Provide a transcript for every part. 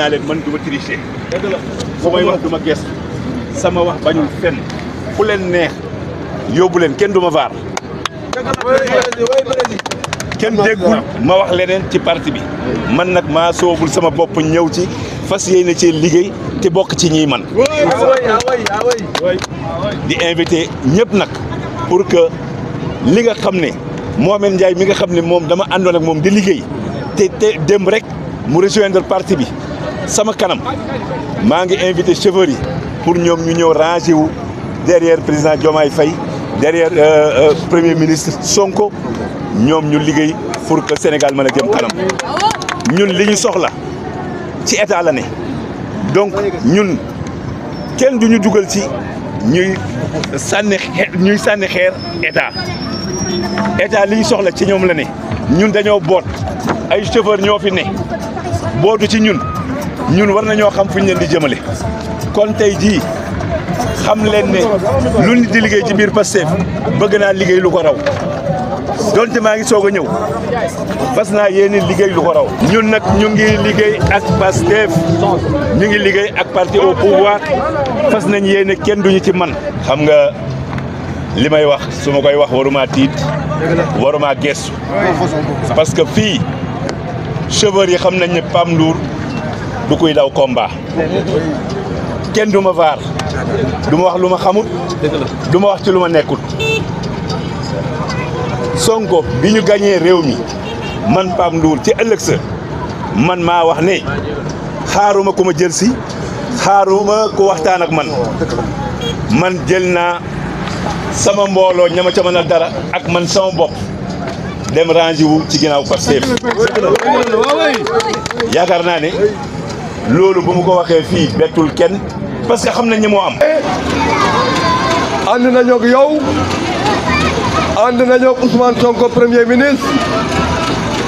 naa leen man du ma tricher. su may wax du ma gëstu sama wax bañul fenn fu leen neex yóbbu kenn du ma vaar. kenn déggul ma wax leneen ci parti bi man nag maa soobul sama bopp ñëw ci fas yéene ci liggéey te bokk ci ñii man di invité ñëpp nag pour que li nga xam ne Mohamed njaay mi nga xam ne moom dama àndoon ak moom di liggéey te te dem rek mu rejoindre parti bi sama kanam invité pour ñom ñu ñew rangé derrière président Diomaye Faye derrière euh, euh, premier ministre Sonko ñom ñu pour que Sénégal mën a jëm ñun liñu soxla ci état la donc ñun kenn duñu duggal ci ñuy sanni ñuy sanni xeer état état liñu soxla ci ñom la né ñun dañoo ay fi ci ñun. ñun war nañoo xam fu ñu leen di jëmale kon tey jii xam leen ne lu nit di liggéey ci biir Pastef bëgg naa liggéey lu ko raw donte maa ngi soog a ñëw fas naa yéene liggéey lu ko raw. ñun nag ñu ngi liggéey ak Pastef ñu ngi liggéey ak parti au pouvoir fas nañ yéene kenn duñu ci man xam nga li may wax suma koy wax waruma tiit waruma gestu parce que fii chauffeur yi xam nañ ne Pam Ndour du kuy daw combat kenn du ma vaar du ma wax lu ma xamut du ma wax ci lu ma nekkut Sonko bi ñu gañee réew mi man Pape Ndour ci ëllëg sa man maa wax ne xaaruma ku ma jël si xaaruma ku waxtaan ak man man jël naa sama mbooloo ñama ca mënal dara ak man sama bopp dem range wu ci ginnaaw Pastef yaakaar naa ne lolu bu mu ko waxe fi betul ken parce que xamna ñi mo am. ànd nañoo ak yow ànd nañoo ak Ousmane Sonko premier ministre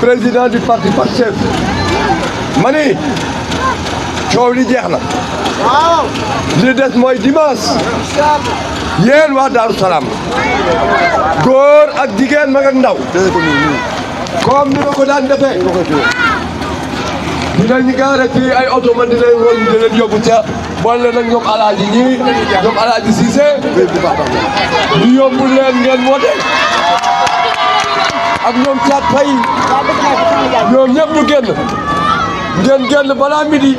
président du parti Pastef mané ciow li jeex na. waaw li dess moy dimanche yéen wa Daaru salam gor ak jigéen mag ak ndaw. comme ni ko daan defé dinañ gaare fii ay oto man di leen wol di leen yóbbu ca boole nag ñoom alaaji ñii ñoom alaaji Cissé di yóbbu leen ngeen wote ak ñoom caat fay ñoom ñëpp ñu génn ngeen génn balaa midi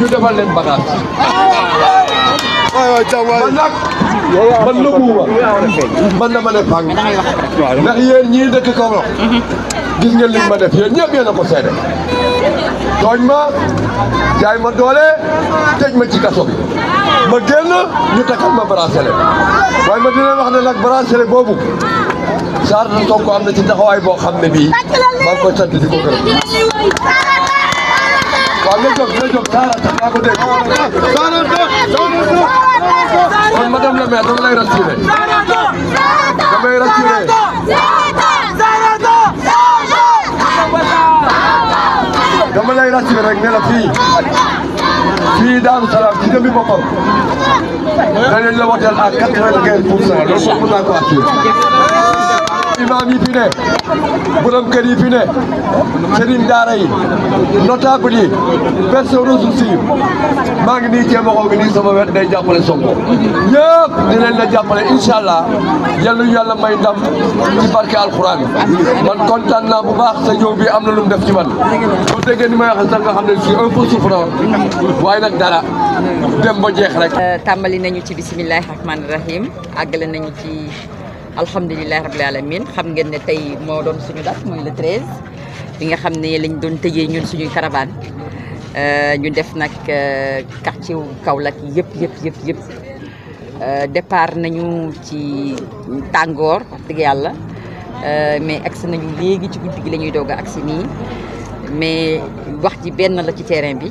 ñu defal leen bagage man nag man nëbbuuma man dama ne fang ndax yéen ñii dëkk Kaolack mhm. gis ngeen li ma def yéen ñëpp yéen ko seede tooñ ma jaay ma doole tëj ma ci kaso ma génn ñu takkal ma bracelet waaye ma dina wax ne nag bracelet boobu Sarr na toog ko am na ci taxawaay boo xam ne bii maa ngi koy sant di ko gërëm waaw nga jóg nga jóg Sarr tax naa ko dégg kon madame dama lay rassuré lay rassuré rek ne la fii fii Daaru Salaam ci jëmmi boppam danañ la woteel à quatre-vingt-quinze pour cent loolu mën naa ko imaam yi fi ne borom kër yi fi ne sëriñ daara yi notable yi personnes ressources yi maa ngi nii jéem a ko ngi nii sama wet day jàppale Sonko yëpp dinañ la jàppale incha allah yal na yàlla may ndam ci barke alxuraan man kontaan naa bu baax sa ñëw bi am na lu mu def ci man soo déggee ni may wax sax nga xam ne si un peu souffrant waaye nag dara dem ba jeex rek. Euh, tàmbali nañu ci bisimilah rahmaani rahim àggale nañu ci. alhamdulilah rabil alamin xam ngeen ne tey moo doon suñu date mooy le 13 bi nga xam ne lañ doon tëjee ñun suñuy caravane euh, ñu def nag euh, quartier wu Kaolack yëpp yëpp yëpp yëpp euh, départ nañu ci tàngoor wax dëgg yàlla mais agsi nañu léegi ci guddi gi la ñuy doog nii mais wax ji benn la ci terrain bi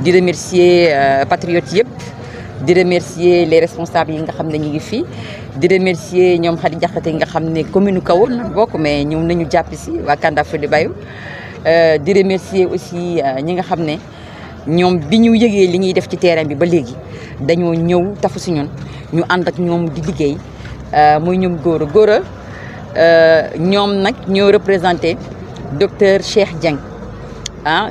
di remercier euh, patriotes de remercier les responsables de remercier les qui de nga commune mais nous nañu Kanda euh, remercier aussi euh, ñi nga qui ñom biñu yégué li ñuy def ci terrain bi ba légui dañoo ñëw tafu si ñun ñu and ak di docteur Cheikh Dieng ah,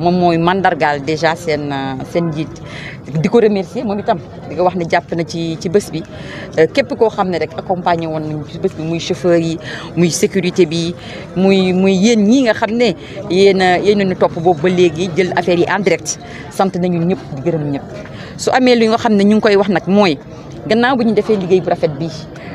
moom mooy mandargal déjà seen euh, seen njiit di ko remercier moom itam di ko wax ne jàpp na ci ci bés bi euh, képp koo xam ne rek accompagné woon nañ ci bés bi muy chauffeur yi muy sécurité bi muy muy yéen ñii nga xam ne yéen a yéen topp boobu ba léegi jël affaire yi en sant nañu ñëpp di gërëm ñëpp su amee li nga xam ne ñu ngi koy wax nag mooy gannaaw bu ñu defee liggéey bu rafet bi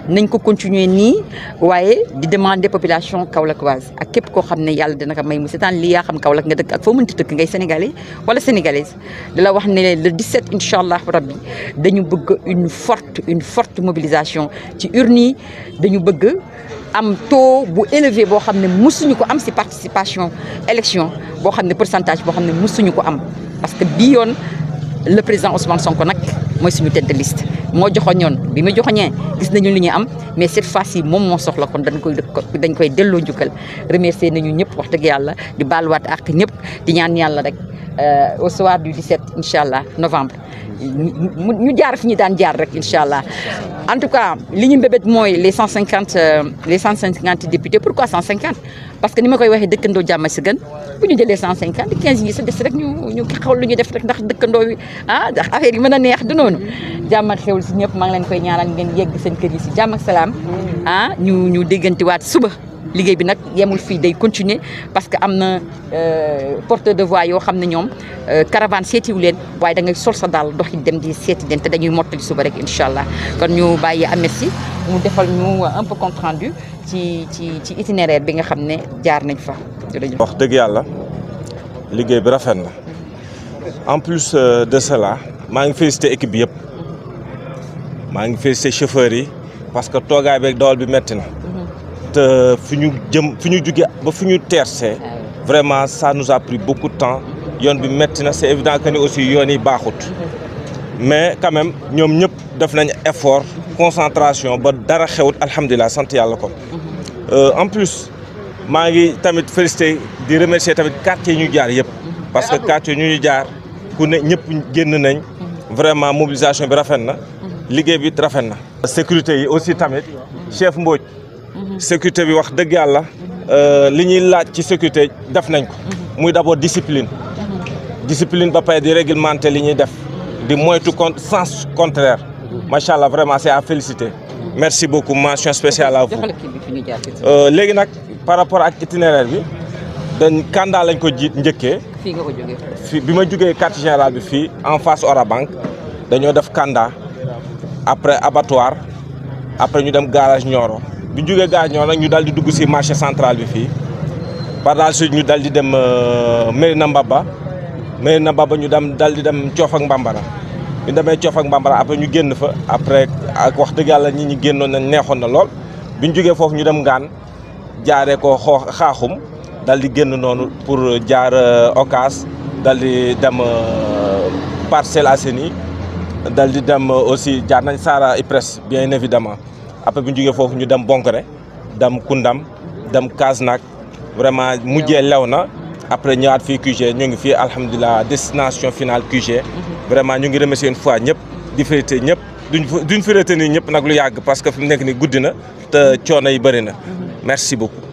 Nous ko continuer ni de di demander population kaolackoise ak képp koo xam ne yàlla dina ko may mu seetaan lii yaa xam Kaolack nga dëkk ak foo mënti ngay sénégalais wala sénégalaise di la wax ne le 17 inshallah, allah rabbi dañu bëgg une forte une forte mobilisation ci urne yi dañu bëgg am taux bu élevé bo xam ne ko am ci participation élection bo xam pourcentage bo xam ne ko am parce que bi yone le président Ousmane Sonko nak moy suñu tête de liste moo joxoñoon bi mu joxoñee gis nañu li ñu am mais cette fois ci moom moo soxla kon dañ koy dañ koy delloo njukkal remercier nañu ñëpp wax dëgg yàlla di baaluwaat ak ñëpp di ñaan yàlla rek euh, au soir du 17 incha allah novembre ñu jaar fi ñu daan jaar rek incha allah en tout cas li ñu mbebet mooy les cent cinquante euh, les cent cinquante députés pourquoi cent cinquante parce que ni ma koy waxee dëkkandoo jàmm si gën bu ñu jëlee cent cinquante quinze yi sa des rek ñu ñu xawal lu ñu def rek ndax dëkkandoo wi ah ndax affaire yi mën a neex du noonu jàmm ak xewul si ñëpp maa ngi koy koy ñaanal ngeen yegg seen kër yi si jàmm ak ñu ah ñu ñu déggantiwaat suba liggéey bi nak yemul fi day continuer parce que amna euh porteur de voix yo xam ñom ñoom euh, caravane seetiwu len waaye da ngay sol sa dal doxit dem di séti den té dañuy mottali suba rek inshallah kon ñu bayyi Ahmed Sy mu defal ñu un peu compte rendu ci ci ci itinéraire bi nga xamné jaar nañ fa wax deug yalla liggéey bi rafet na en plus euh, de cela ma ngi félicité équipe bi yépp ma ngi félicité chauffeur yi parce que toogaay beeg dawal bi metti na te fi ñu jëm fi ñu ba fi ñu ah vraiment ça nous a pris beaucoup de temps yoon bi metti na c'est évident que ni aussi yoon yi mais quand même ñoom ñëpp def nañ effort concentration ba dara xewut alhamdulilah sant yàlla ko euh, en plus maa ngi tamit félicité di remercier tamit quartier ñu jaar yëpp parce que quartier ñu ñu jaar ku ne ñëpp génn nañ vraiment mobilisation bi rafet na mhm. liggéey bi rafet na sécurité yi aussi tamit chef Mbodj sécurité bi wax dëgg yàlla euh, li ñuy laaj ci sécurité def nañ ko muy d'abord discipline discipline ba pay di réglementer li ñuy def di moytu contre sens contraire machallah vraiment c'est à féliciter merci beaucoup mention spéciale à vous euh, légui nak par rapport ak itinéraire bi dañ Kanda lañ ko jitt ñëkke fi nga ko jógee fii bi ma jógee quartier bi fi en face Orabank dañu def Kanda après abattoir après ñu dem garage Nioro bi ñu jógee gare nak ñu dal di dugg ci marché central bi fi par la suite ñu dal di dem euh, Mérina Mbaba Mérina Mbaba ñu dam dal di dem Coof ak Bambara ñu démé Coof ak Bambara après ñu génn fa après ak wax dëgg Yalla ñi ñu génnoon na neexon na lool bi ñu jógee fofu ñu dem Gan jaaré ko xaxum dal di génn noonu pour jaar euh, Okas dal di dem euh, Parcelles Assainies dal di dem aussi jaar nañ Sara IPRES bien évidemment après bu ñu fofu ñu dem Bonkere dem kundam dem Kasnack vraiment mujjé lew après ñëwaat fi QG ñu ngi fi alhamdulilah destination finale QG. vraiment ñu ngi remercier une fois ñëpp di féliciter ñëpp duñ duñ fi ñëpp nak lu yàgg parce que fim mu nekk nii guddi te coono yi bëri na merci beaucoup.